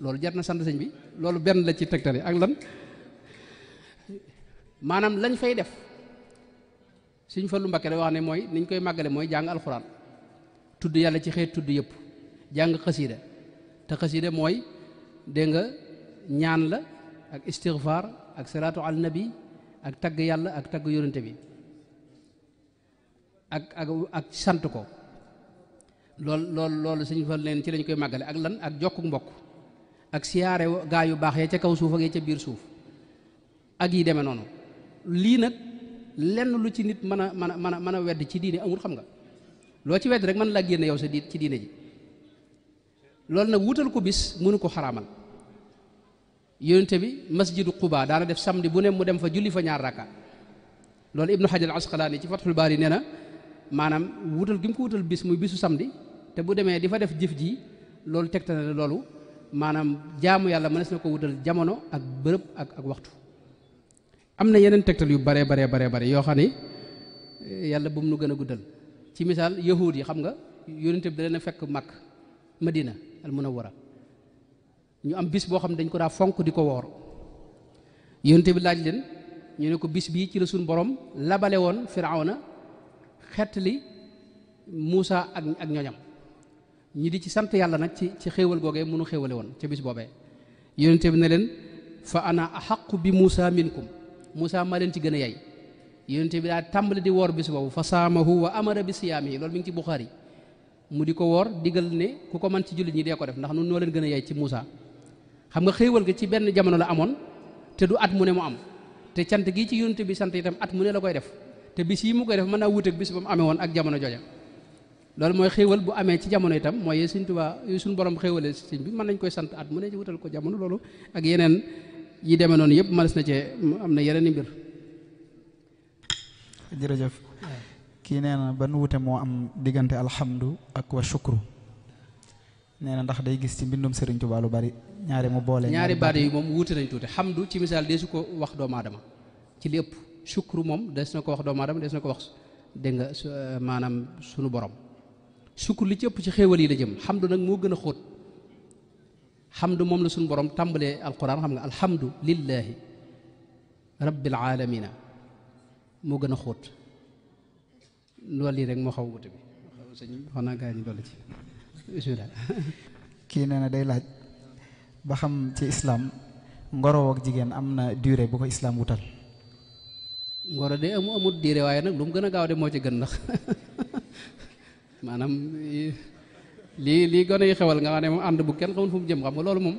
loolu jar na sant sëñ bi loolu benn la ci tegtale ak lan maanaam lañ fay def suñ fa lu mbakke da wax ne mooy niñ koy màggale mooy jàng alxuraan tudd yàlla ci xeet tudd yëpp jàng xasiida te xasiida mooy dénga ñaan la ak istigfaar ak salaatu al nabi ak tagg yàlla ak tagg yónente bi ak ak ak sant ko lool lool loolu suñ fa leen ci lañ koy màggale ak lan ak jokku mbokk ak siyaare gaa yu baax ya ca kaw suuf ak ya ca biir suuf ak yi deme noonu lii nag lenn lu ci nit mën a mën a mën a mën a wedd ci diine amul xam nga loo ci wedd rek mën laa génn yow sa di ci diine ji loolu nag wutal ko bis mënu ko xaraamal yonente bi masjidu Quba daana def samedi bu ne mu dem fa julli fa ñaar rakka loolu ibnu xajar asqalaani ci fathul baari nee na maanaam wutal gi mu ko wutal bis mu bisu samedi te bu demee di fa def jëf ji loolu tegtale loolu maanaam jaamu yàlla mënees na ko wutal jamono ak bërëb ak ak waxtu am na yeneen tegtal yu bare bare bare bare yoo xam ne eh, yàlla bu mu nu gën guddal ci misaal yahuud yi xam nga yónente bi da leen a fekk mag madina al a war a ñu am bis boo xam ne dañ ko daa fonk di ko woor yónente bi laaj leen ñu ne ko bis bii ci la suñu borom labale woon firawna xett li Muusa ak ak ñoñam ñi di ci sant yàlla nag ci ci xéewal googee munu xéewale woon ca bis boobee yonente bi na leen fa ana xaqu bi Moussa minkum Moussa maa leen ci gën a yay yonente bi daa tàmbali di woor bis boobu fa saama saamahu wa amara bi siyaamihi loolu mi ngi ci Buxaari mu di ko woor digal ne ku ko mën ci jullit ñi dee ko def ndax nun noo leen gën a yay ci Moussa xam nga xéewal ga ci benn jamono la amoon te du at mu ne mu am te cant gii ci yonente bi sant itam at mu ne la koy def te bis yi mu koy def mën naa wuuteeg bis mu amee woon ak jamono jooja loolu mooy xéewal bu amee ci jamono itam mooy yee Sëñ Tuubaa suñu borom xéewale sëñ bi mën nañ koy sant at mu ne ci wutal ko jamono loolu ak yeneen yi demee noonu yëpp mënees na cee am na yeneen i jërëjëf kii nee na moo am diggante alhamdu ak wa shukru nee na ndax day gis ci mbindum Sëriñ Tuubaa lu bari ñaari mu boole. ñaari baat yi moom wuute nañ tuuti xamdu ci misaal su ko wax doomu aadama ci li ëpp shukru moom des na ko wax doomu aadama des na ko wax dégg nga maanaam sunu borom. sukkur li ci ëpp ci xéewal yi la jëm xamdu nag moo gën a xóot xamdu moom la suñu boroom tàmbalee alquran xam nga alhamdu lillahi rabbil alamina moo gën a xóot loolu yi rek moo xaw wute bi sëñ bi gaa ñu dolli ci bismillah kii nee na day laaj ba xam ci islaam ngoro ak jigéen am na durée bu ko islaam wutal ngoro de amu amul durée waaye nag lu mu gën a gaaw de moo ci gën ndax maanaam lii lii gone yi xewal nga wax ne moom ànd bu kenn xamul fu mu jëm xam nga loolu moom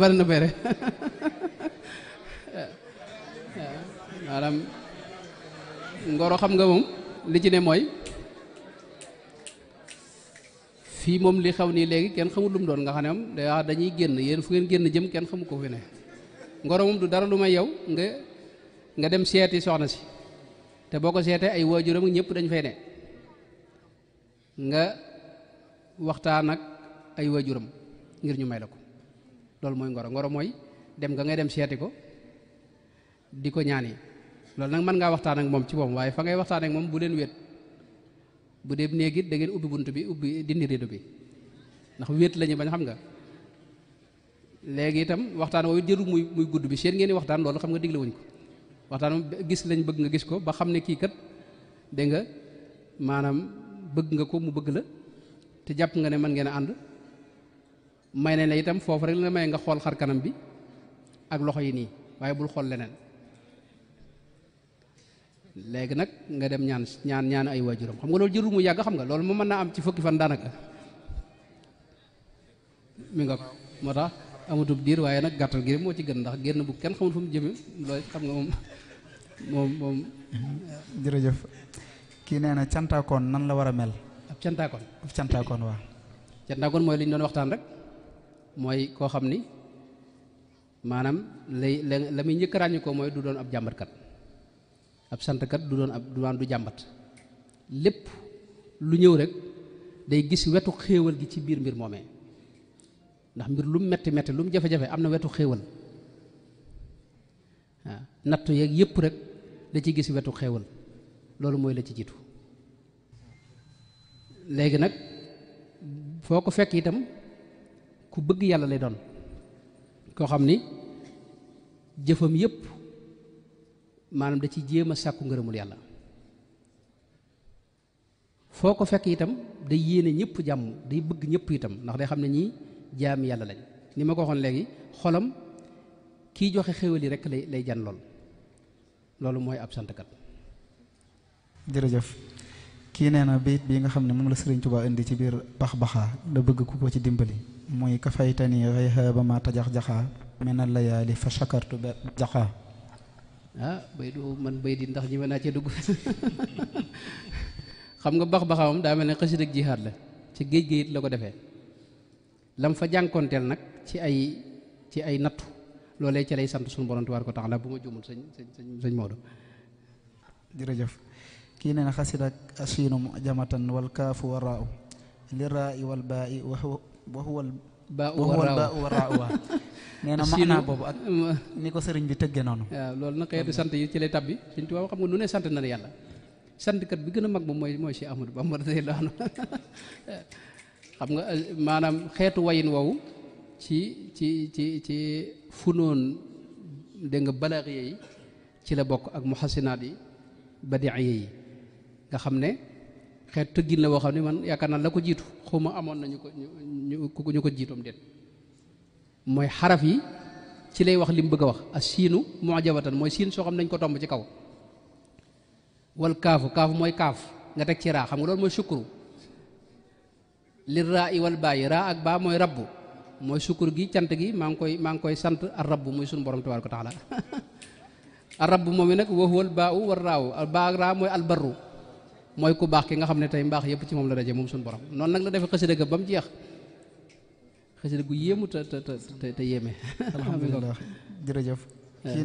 bari na maanaam ngoro xam nga moom li ci ne mooy fii moom li xew nii léegi kenn xamul lu doon nga xam ne moom day wax dañuy génn yéen fu ngeen génn jëm kenn xamu ko fi ne ngoro moom du dara lu may yow nga nga dem seeti soxna si te boo ko seetee ay waajuram ñëpp dañ fay ne nga waxtaan ak ay waajuram ngir ñu may la ko loolu mooy ngoro ngoro mooy dem nga ngay dem seeti ko di ko ñaan yi loolu nag mën ngaa waxtaan ak moom ci moom waaye fa ngay waxtaan ak moom bu leen wéet bu dee néeg it da ngeen ubbi bunt bi ubbi dindi rido bi ndax wéet la ñu bañ xam nga léegi itam waxtaan woowu jëru muy muy gudd bi seen ngeen di waxtaan loolu xam nga digle wuñ ko waxtaan gis lañ bëgg nga gis ko ba xam ne kii kat dégg nga maanaam bëgg nga ko mu bëgg la te jàpp nga ne man ngeen ànd may nañ la itam foofu rek la may nga xool xar kanam bi ak loxo yi nii waaye bul xool leneen léegi nag nga dem ñaan ñaan ñaan ay waajuram xam nga loolu jërul mu yàgg xam nga loolu mu mën naa am ci fukki fan daanaka mu nga ko moo tax amatub diir waaye nag gàttal gi moo ci gën ndax génn bu kenn xamul fu mu jëme loolu xam nga moom moom moom jërëjëf kii nee na cantaakoon nan la war a mel ab cantaakoon ab cantaakoon waa cantaakoon mooy li doon waxtaan rek mooy koo xam ni maanaam lay la muy njëkk ràññi ko mooy du doon ab jàmbatkat ab santkat du doon ab du waan du jàmbat lépp lu ñëw rek day gis wetu xéewal gi ci biir mbir moomee ndax mbir lu mu metti metti lu mu jafe-jafe am na wetu xéewal nattu yeeg yëpp rek da ci gis wetu xéewal loolu mooy la ci jitu léegi nag foo ko fekk itam ku bëgg yàlla lay doon koo xam ni jëfam yépp maanaam da ci jéem a sàkku ngërëmul yàlla foo ko fekk itam day yéene ñëpp jàmm day bëgg ñëpp itam ndax day xam ne ñii jaam yàlla lañ ni ma ko waxoon léegi xolam kiy joxe xéwal yi rek lay lay jan lool loolu mooy ab santkat. jërëjëf kii nee na bayit bi nga xam ne moom la Sëriñ Tuubaa indi ci biir bax baxa la bëgg ku ko ci dimbali mooy kafaytani rayha ba ma tajax jaxaa menal layaali fa shakartu ba jaxaa ah bay du man bay di ndax ñi mën naa cee dugg xam nga bax baxawam daa mel ne xasida ak jihaad la ci géej géej la ko defee lam fa jànkoonteel nag ci ay ci ay nattu loolee ci lay sant suñu borom ko tax taala bu ma jumul sañ sëñ sëñ Maodo jërëjëf kii nee na xasida ak asiinu jamatan wal kaafu wa li raa i wal baa i wa huwa al baa u wa nee na maanaa boobu ak ni ko sëriñ bi tëggee noonu waaw loolu nag xeetu sant yi ci lay tabbi Sëriñ Tuubaa xam nga nu ne sant na la yàlla santkat bi gën a mag moom mooy mooy Cheikh Ahmadou Bamba radiyallaahu anhu xam nga maanaam xeetu wayin woowu ci ci ci ci funoon dégg nga balaax yi ci la bokk ak muhasinaat yi badiiya yi nga xam ne xeet tëggin la woo xam ne man yaakaar naa la ko jiitu xaw ma amoon na ñu ko ñu ko ñu ko jiitoom déet mooy xaraf yi ci lay wax li mu bëgg a wax as siinu mujabatan mooy siin soo xam nañ ko tomb ci kaw wal kaafu kaafu mooy kaaf nga teg ci raa xam nga loolu mooy sukuru li raa i wal baa yi raa ak baa mooy rabbu mooy sukkur gi cant gi maa ngi koy maa ngi koy sant ar rabbu muy suñu borom tabaaraka taala ar rabbu moom yi nag wa huwal baa u war raaw baa ak raa mooy albarru mooy ku baax ki nga xam ne tey mbaax yëpp ci moom la daje moom suñu borom noonu nag la defe xasida ga ba mu jeex xasida gu yéemu te te te jërëjëf. Eh. kii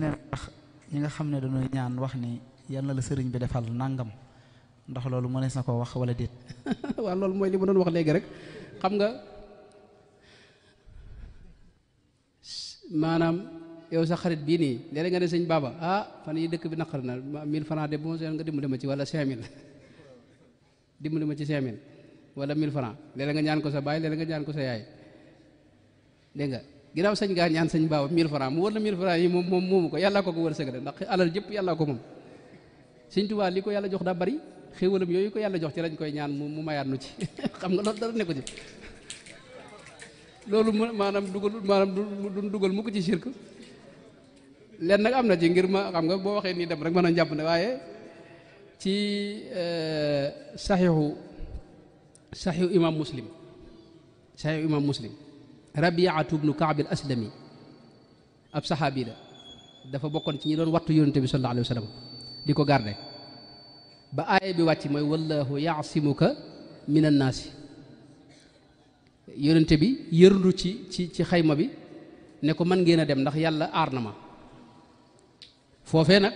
ñi nga xam ne dañuy ñaan wax ni yal na la sëriñ bi defal nangam ndax loolu mënees na koo wax wala déet. waaw loolu mooy li ma doon wax léegi rek xam nga maanaam yow sa xarit bii nii léeg nga ne sëñ Baba ah fan yi dëkk bi naqar na 1000 francs de bon seen nga dimbali ma ci wala 5000 dimbali ma ci 5000 wala 1000 francs léeg nga ñaan ko sa baay léeg nga ñaan ko sa yaay. dégg nga ginnaaw gaa ñaan sañ baaba 1000 francs mu wër la 1000 francs yi moom moom moomu ko yàllaa ko ko wërsëg de ndax alal jëpp yàllaa ko moom sëñ Tuubaa li ko yàlla jox daa bari xéewalam yooyu ko yàlla jox ci lañ koy ñaan mu mayaat nu ci xam nga loolu dara nekku ci loolu maanaam dugal maanaam du dugal mukk ci sirk leen nag am na ci ngir ma xam nga boo waxee nii dem rek mën a jàpp na waaye ci euh, saxiixu saxiixu imam muslim saxiixu imam muslim rabiatu bnu kaab al aslami ab saxaabi la dafa bokkoon ci ñi doon wattu yonente bi sallallahu alayhi wa di ko garde ba aaya bi wàcc mooy wallahu yaasimuka min annaasi bi yërndu ci ci ci xayma bi ne ko mën ngeen a dem ndax yàlla aar na ma foofee nag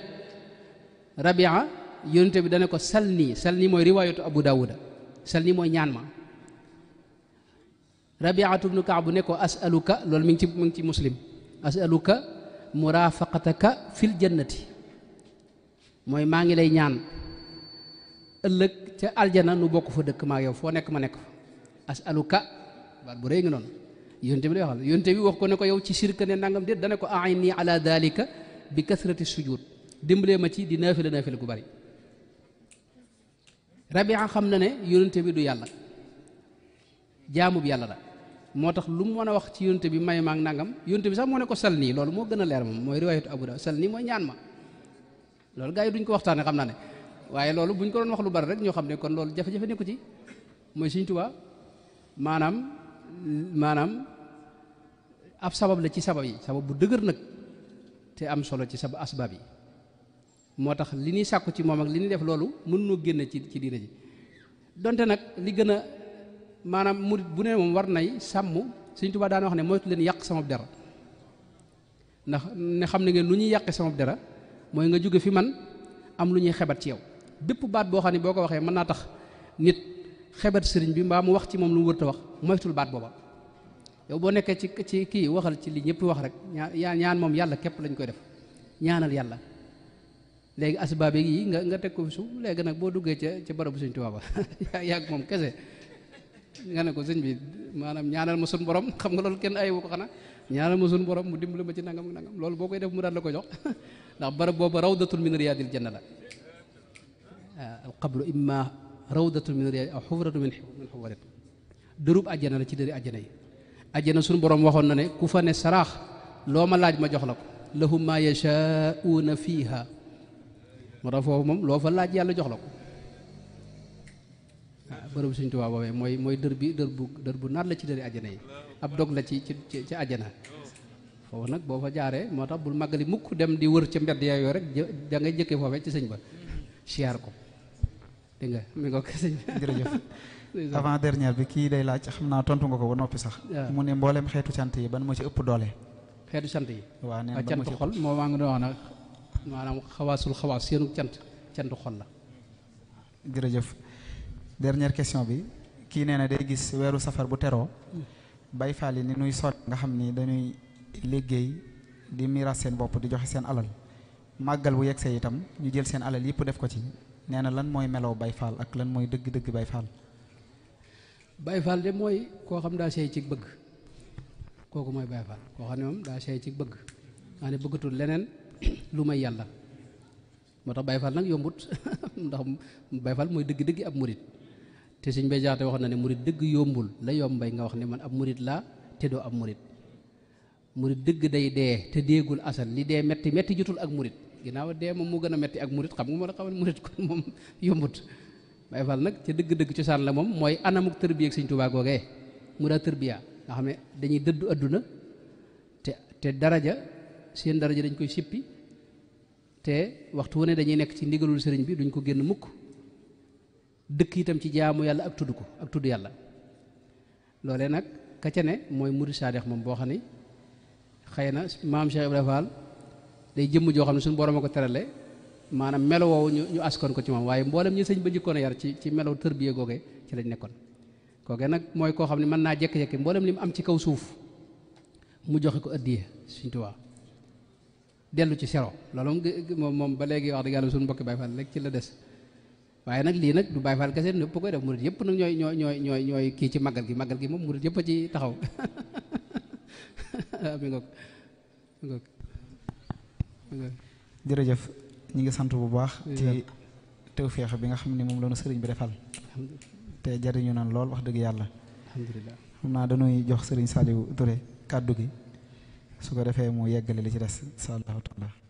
rabia yonente bi dana ko salni salni mooy riwaayatu abu daawuda salni mooy ñaan ma rabiatu bnu bu nekkoo ko asaluka loolu mi ngi ci mi ngi ci muslim asaluka murafaqataka fil jannati mooy maa ngi lay ñaan ëllëg ca aljana nu bokk fa dëkk maa yow foo nekk ma nekk fa asaluka baat bu rëy nga noonu yonte bi lay waxal yonte bi wax ko ne ko yow ci sirka ne nangam déet dana ko aini ala dalika bi kasrati sujud dimbalee ma ci di naafila naafila gu bari rabia xam na ne yonente bi du yàlla jaamub yàlla la moo tax lu mu mën a wax ci yonte bi may maag nangam yonte bi sax moo ne ko sal nii loolu moo gën a leer moom mooy riwaayatu Abu Daawud sal nii mooy ñaan ma loolu gars yi duñ ko waxtaane xam naa ne waaye loolu buñ ko doon wax lu bari rek ñoo xam ne kon loolu jafe-jafe nekku ci mooy Sëriñ Tuubaa maanaam maanaam ab sabab la ci sabab yi sabab bu dëgër nag te am solo ci sab asbab yi moo tax li nuy sàkku ci moom ak li ñuy def loolu mën noo génn ci ci diina ji donte nag li gën a maanaam murit bu ne moom war nay sàmm Sëriñ Tuubaa daana wax ne moytu leen yàq sama dara ndax ne xam ne ngeen lu ñuy yàqe sama dara mooy nga jóge fi man am lu ñuy xebat ci yow bépp baat boo xam ne boo ko waxee mën naa tax nit xebat sëriñ bi mbaa mu wax ci moom lu mu wërta wax moytul baat booba yow boo nekkee ci ci kii waxal ci lii ñëpp wax rek ñaan ñaan moom yàlla képp lañ koy def ñaanal yàlla léegi asbaab yi nga nga teg ko su suuf nag boo duggee ca ca barabu Sëriñ Tuubaa ba yaa yàgg moom kese nga ne ko sëñ bi maanaam ñaanal ma sun borom xam nga loolu kenn ayewu ko xanaa ñaanal ma sun borom mu dimbali ma ci nangam nangam loolu boo koy def mu daal la ko jox ndax barab boobu rawdatul min riyadil janna la ah, al qabru imma rawdatul min riyad aw xufratu min min dërub àjjana la ci dëri àjjana yi àjjana suñu borom waxoon na ne ku fa ne saraax loo ma laaj ma jox la ko lahum ma yashaa'uuna fiiha moo tax foofu moom loo fa laaj yàlla jox la ko Ah, bërëbu Sëñ Tuubaa boobee mooy mooy dër bi dër bu dër bu naat la ci dëri àjjana yi ab dog la ci ci ci àjjana foofu nag boo fa jaaree moo tax bul màggali mukk dem di wër ci mbedd yooyu rek da ngay jëkkee foofee ci sëñ ba siyaar ko dégg nga mi nga ko sëñ bi kii day laaj xam naa tontu nga ko ba noppi sax mu ne mbooleem xeetu cant yi ban moo ci ëpp doole xeetu cant yi waaw nee na ah, cant xol moo maa ngi doon wax nag maanaam xawaasul xawaas seenu cant cant xol la dernière question bi kii nee na day gis weeru safar bu teroo mm. bay faal yi ni nuy soot nga xam ni dañuy liggéey di miiras seen bopp di joxe seen alal màggal bu yegsee itam ñu jël seen alal yëpp def ko ci nee na lan mooy melow bay ak lan mooy dëgg-dëgg bay faal bay faal de mooy koo xam daa seey ci bëgg kooku mooy bay faal koo ne moom daa seey ci bëgg daa ne bëggatul leneen lu may yàlla moo tax Baye Fall nag yombut ndax Baye Fall mooy dëgg-dëgg ab murit te suñ ba jaxate waxoon na ne murit dëgg yombul la yombay nga wax ne man ab murit laa te doo ab murit murit dëgg day dee te déegul asal li dee metti metti jotul ak murit ginnaaw dee moom moo gën a metti ak murit xam nga moo la xamal murit kon moom yombut Baay Faal nag ca dëgg-dëgg cosaan la moom mooy anamuk tërbiya ak Sëñ Tuubaa googee mu daa tërbiya nga xam ne dañuy dëddu àdduna te te daraja seen daraja dañ koy sippi te waxtu wu ne dañuy nekk ci ndigalul sëriñ bi duñ ko génn mukk dëkk itam ci jaamu yàlla ak tudd ko ak tudd yàlla loolee nag ka mooy murid saadex moom boo xam ne xëy na maam Cheikh Ibrahima Fall day jëmm joo xam ne suñu borom a ko terale maanaam melo woowu ñu askoon ko ci moom waaye mboolem ñi sëñ ba njëkkoon a yar ci ci melo tërbiye googe ci lañ nekkoon kooke nag mooy koo xam ne mën naa jékki-jékki mboolem li mu am ci kaw suuf mu joxe ko addiye Sëñ Tuubaa dellu ci sero loolu moom ba léegi wax dëgg yàlla suñu mbokki Baay rek ci la des waaye nag lii nag du Baay Faal kese ñëpp koy def murit yëpp nag ñooy ñooy ñooy ñooy kii ci màggal gi màggal gi moom murit yëpp a ci taxaw jërëjëf ñu ngi sant bu baax ci tawféex bi nga xam ne moom la sëriñ bi defal te jariñu naan lool wax dëgg yàlla xam naa dañuy jox sëriñ Saliou Touré kàddu gi su ko defee mu yeggale li ci des insha allahu